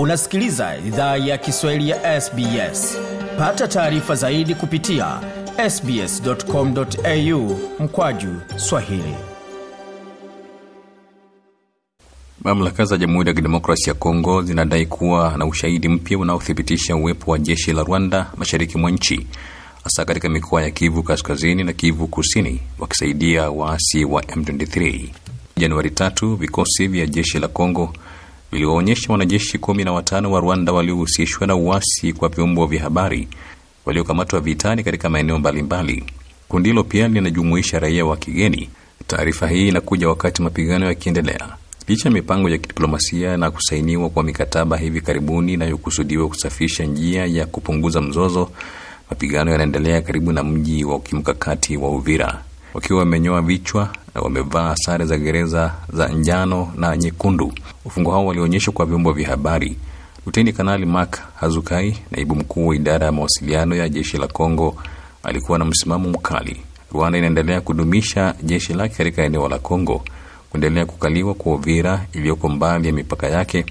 unasikiliza idhaa ya kiswahili ya sbs pata taarifa zaidi kupitia sbscomau mkwaju swahili mamlaka za jamhuri ya kidemokrasi ya kongo zinadai kuwa na ushahidi mpya unaothibitisha uwepo wa jeshi la rwanda mashariki mwa nchi hasa katika mikoa ya kivu kaskazini na kivu kusini wakisaidia waasi wa m23 januari tatu vikosi vya jeshi la kongo viliwaonyesha wanajeshi kumi na watano wa Rwanda waliohusishwa na uasi kwa vyombo vya habari waliokamatwa vitani katika maeneo mbalimbali. Kundi hilo pia linajumuisha raia wa kigeni. Taarifa hii inakuja wakati mapigano yakiendelea licha ya mipango ya kidiplomasia na kusainiwa kwa mikataba hivi karibuni inayokusudiwa kusafisha njia ya kupunguza mzozo. Mapigano yanaendelea karibu na mji wa kimkakati wa Uvira wakiwa wamenyoa vichwa na wamevaa sare za gereza za njano na nyekundu. Wafungwa hao walionyeshwa kwa vyombo vya habari. Luteni Kanali Mark Hazukai, naibu mkuu wa idara ya mawasiliano ya jeshi la Kongo, alikuwa na msimamo mkali. Rwanda inaendelea kudumisha jeshi lake katika eneo la Kongo. Kuendelea kukaliwa kwa Uvira iliyoko mbali ya mipaka yake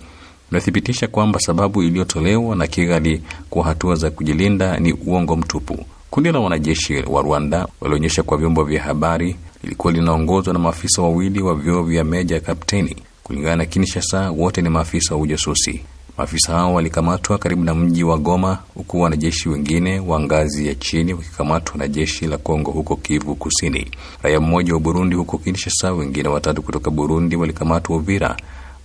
unathibitisha kwamba sababu iliyotolewa na Kigali kwa hatua za kujilinda ni uongo mtupu. Kundi la wanajeshi wa Rwanda walionyesha kwa vyombo vya habari lilikuwa linaongozwa na maafisa wawili wa vyeo vya meja kapteni. Kulingana na Kinshasa, wote ni maafisa wa ujasusi. Maafisa hao walikamatwa karibu na mji wa Goma, huku wanajeshi wengine wa ngazi ya chini wakikamatwa na jeshi la Kongo huko Kivu Kusini. Raia mmoja wa Burundi huko Kinshasa, wengine watatu kutoka Burundi walikamatwa Uvira,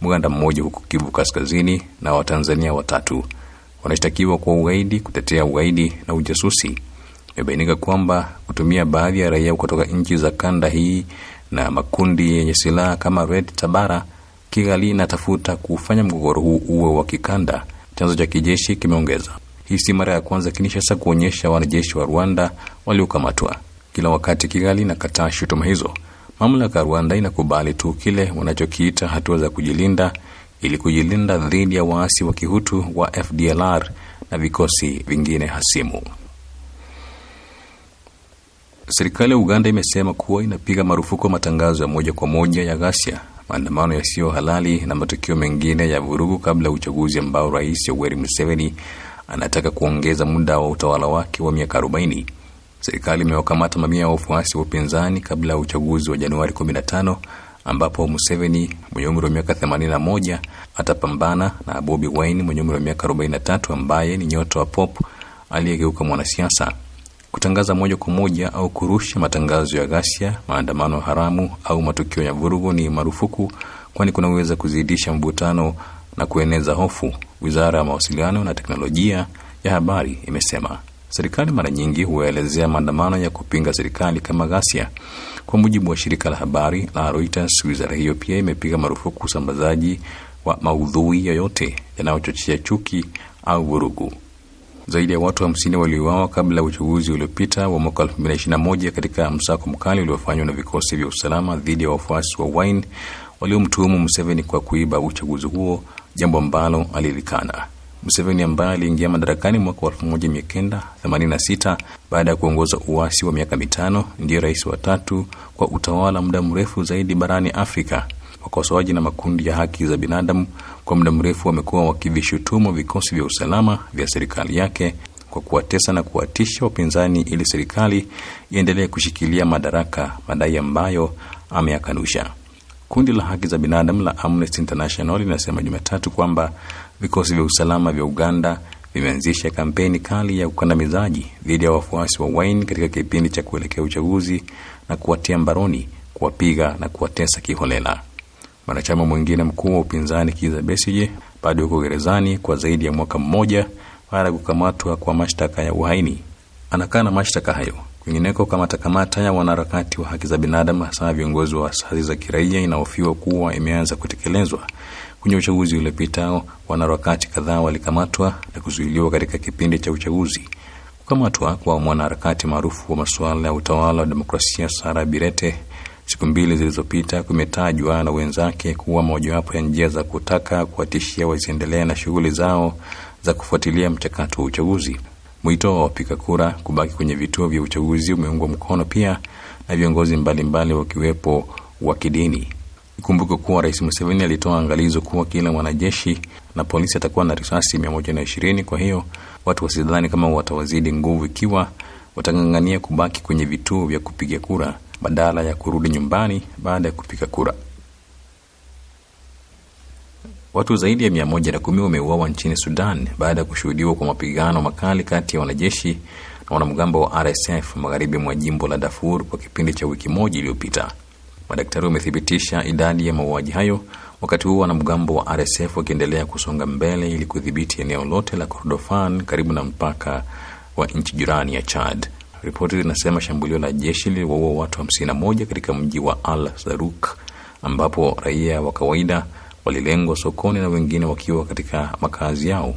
Mganda mmoja huko Kivu Kaskazini na Watanzania watatu wanashtakiwa kwa ugaidi, kutetea ugaidi na ujasusi imebainika kwamba kutumia baadhi ya raia kutoka nchi za kanda hii na makundi yenye silaha kama Red Tabara, Kigali inatafuta kufanya mgogoro huu uwe wa kikanda, chanzo cha kijeshi kimeongeza. Hii si mara ya kwanza Kinishasa kuonyesha wanajeshi wa Rwanda waliokamatwa. Kila wakati Kigali inakataa shutuma hizo, mamlaka ya Rwanda inakubali tu kile wanachokiita hatua za kujilinda ili kujilinda dhidi ya waasi wa kihutu wa FDLR na vikosi vingine hasimu. Serikali ya Uganda imesema kuwa inapiga marufuku matangazo ya moja kwa moja ya ghasia, maandamano yasiyo halali na matukio mengine ya vurugu kabla ya uchaguzi ambao Rais Yoweri Museveni anataka kuongeza muda wa utawala wake wa miaka 40. Serikali imewakamata mamia ya wafuasi wa upinzani kabla ya uchaguzi wa Januari 15 ambapo Museveni mwenye umri wa miaka 81 atapambana na Bobi Wine mwenye umri wa miaka 43 ambaye ni nyota wa pop aliyegeuka mwanasiasa kutangaza moja kwa moja au kurusha matangazo ya ghasia, maandamano haramu au matukio ya vurugu ni marufuku, kwani kunaweza kuzidisha mvutano na kueneza hofu. Wizara ya Mawasiliano na Teknolojia ya Habari imesema serikali mara nyingi huelezea maandamano ya kupinga serikali kama ghasia. Kwa mujibu wa shirika la habari la Reuters, wizara hiyo pia imepiga marufuku usambazaji wa maudhui yoyote yanayochochea chuki au vurugu. Zaidi ya watu hamsini wa waliuawa kabla ya uchaguzi uliopita wa mwaka 2021 katika msako mkali uliofanywa na vikosi vya usalama dhidi ya wafuasi wa Wine waliomtuhumu Museveni kwa kuiba uchaguzi huo, jambo ambalo alilikana. Museveni ambaye aliingia madarakani mwaka wa 1986 baada ya kuongoza uasi wa miaka mitano, ndiyo rais wa tatu kwa utawala muda mrefu zaidi barani Afrika. Wakosoaji na makundi ya haki za binadamu kwa muda mrefu wamekuwa wakivishutumu vikosi vya usalama vya serikali yake kwa kuwatesa na kuwatisha wapinzani ili serikali iendelee kushikilia madaraka, madai ambayo ameyakanusha. Kundi la haki za binadamu la Amnesty International linasema Jumatatu kwamba vikosi vya usalama vya Uganda vimeanzisha kampeni kali ya ukandamizaji dhidi ya wafuasi wa Wine katika kipindi cha kuelekea uchaguzi na kuwatia mbaroni, kuwapiga na kuwatesa kiholela. Mwanachama mwingine mkuu wa upinzani Kiza Besije bado yuko gerezani kwa zaidi ya mwaka mmoja baada ya kukamatwa kwa mashtaka ya uhaini. Anakana mashtaka hayo. Kwingineko, kamatakamata ya wanaharakati wa haki za binadamu, hasa viongozi wa asasi za kiraia, inahofiwa kuwa imeanza kutekelezwa. Kwenye uchaguzi uliopita, wanaharakati kadhaa walikamatwa na kuzuiliwa katika kipindi cha uchaguzi. Kukamatwa kwa mwanaharakati maarufu wa masuala ya utawala wa demokrasia Sara Birete siku mbili zilizopita kumetajwa na wenzake kuwa mojawapo ya njia za kutaka kuwatishia wasiendelee na shughuli zao za kufuatilia mchakato wa uchaguzi. Mwito wa wapiga kura kubaki kwenye vituo vya uchaguzi umeungwa mkono pia na viongozi mbalimbali wakiwepo wa kidini. Ikumbuke kuwa Rais Museveni alitoa angalizo kuwa kila mwanajeshi na polisi atakuwa na risasi mia moja na ishirini. Kwa hiyo watu wasidhani kama watawazidi nguvu ikiwa watang'ang'ania kubaki kwenye vituo vya kupiga kura badala ya kurudi nyumbani baada ya kupiga kura. Watu zaidi ya 110 wameuawa nchini Sudan baada ya kushuhudiwa kwa mapigano makali kati ya wanajeshi na wanamgambo wa RSF magharibi mwa jimbo la Darfur kwa kipindi cha wiki moja iliyopita. Madaktari wamethibitisha idadi ya mauaji hayo, wakati huo wanamgambo wa RSF wakiendelea kusonga mbele ili kudhibiti eneo lote la Kordofan karibu na mpaka wa nchi jirani ya Chad. Ripoti linasema shambulio la jeshi liliwaua watu 51 katika mji wa Al Zaruk, ambapo raia wa kawaida walilengwa sokoni na wengine wakiwa katika makazi yao.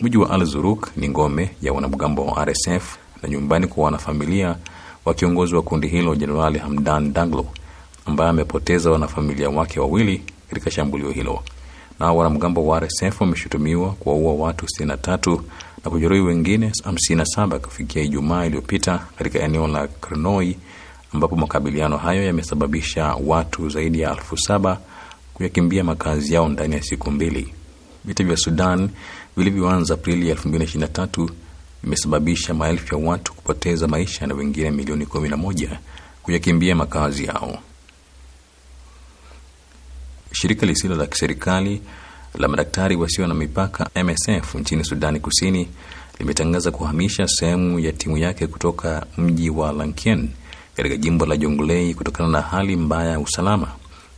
Mji wa Al Zaruk ni ngome ya wanamgambo wa RSF na nyumbani kwa wanafamilia wa kiongozi wa kundi hilo Jenerali Hamdan Daglo ambaye amepoteza wanafamilia wake wawili katika shambulio hilo na wanamgambo wa RSF wameshutumiwa kuwaua watu 63 na kujeruhi wengine 57 kufikia Ijumaa iliyopita katika eneo la Kernoi ambapo makabiliano hayo yamesababisha watu zaidi ya elfu saba kuyakimbia makazi yao ndani ya siku mbili. Vita vya Sudan vilivyoanza Aprili 2023 vimesababisha maelfu ya watu kupoteza maisha na wengine milioni 11 kuyakimbia makazi yao. Shirika lisilo la kiserikali la madaktari wasio na mipaka MSF nchini Sudani Kusini limetangaza kuhamisha sehemu ya timu yake kutoka mji wa Lankien katika jimbo la Jonglei kutokana na hali mbaya ya usalama.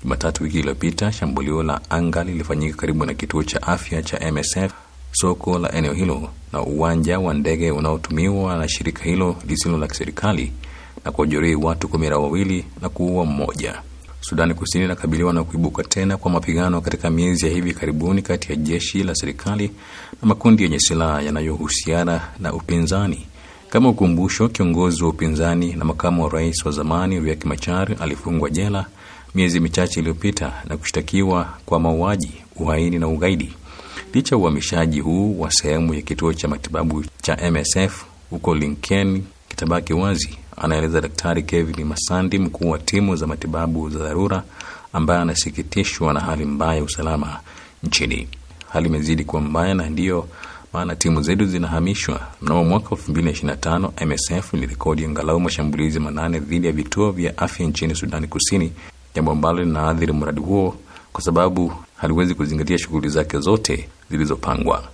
Jumatatu wiki iliyopita, shambulio la anga lilifanyika karibu na kituo cha afya cha MSF, soko la eneo hilo na uwanja wa ndege unaotumiwa na shirika hilo lisilo la kiserikali, na kuwajeruhi watu kumi na wawili na kuua mmoja. Sudani Kusini inakabiliwa na kuibuka tena kwa mapigano katika miezi ya hivi karibuni kati ya jeshi la serikali na makundi yenye ya silaha yanayohusiana na upinzani. Kama ukumbusho, kiongozi wa upinzani na makamu wa rais wa zamani Riek Machar alifungwa jela miezi michache iliyopita na kushtakiwa kwa mauaji, uhaini na ugaidi. Licha uhamishaji huu wa sehemu ya kituo cha matibabu cha MSF huko Linken kitabaki wazi anaeleza Daktari Kevin Masandi, mkuu wa timu za matibabu za dharura, ambaye anasikitishwa na hali mbaya ya usalama nchini. Hali imezidi kuwa mbaya na ndiyo maana timu zetu zinahamishwa. Mnamo mwaka 2025 MSF ilirekodi angalau mashambulizi manane dhidi ya vituo vya afya nchini Sudani Kusini, jambo ambalo linaathiri mradi huo kwa sababu haliwezi kuzingatia shughuli zake zote zilizopangwa.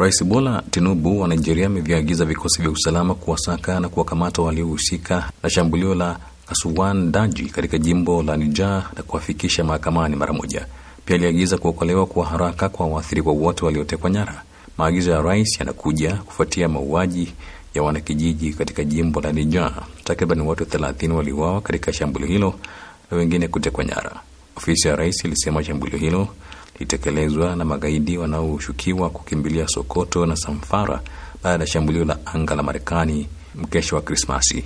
Rais Bola Tinubu wa Nigeria amevyoagiza vikosi vya usalama kuwasaka na kuwakamata waliohusika na shambulio la Kasuwan Daji katika jimbo la Niger na kuwafikisha mahakamani mara moja. Pia aliagiza kuokolewa kwa haraka kwa waathiriwa wote waliotekwa nyara. Maagizo ya rais yanakuja kufuatia mauaji ya wanakijiji katika jimbo la Niger. Takriban watu 30 waliuawa katika shambulio hilo na wengine kutekwa nyara. Ofisi ya rais ilisema shambulio hilo ilitekelezwa na magaidi wanaoshukiwa kukimbilia Sokoto na Samfara baada ya shambulio la anga la Marekani mkesha wa Krismasi.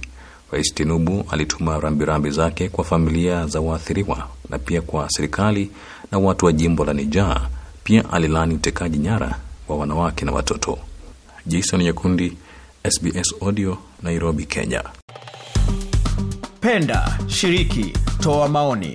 Rais Tinubu alituma rambirambi zake kwa familia za waathiriwa na pia kwa serikali na watu wa jimbo la nijaa Pia alilani utekaji nyara wa wanawake na watoto. Jason Nyakundi, SBS Audio, Nairobi, Kenya. Penda, shiriki, toa maoni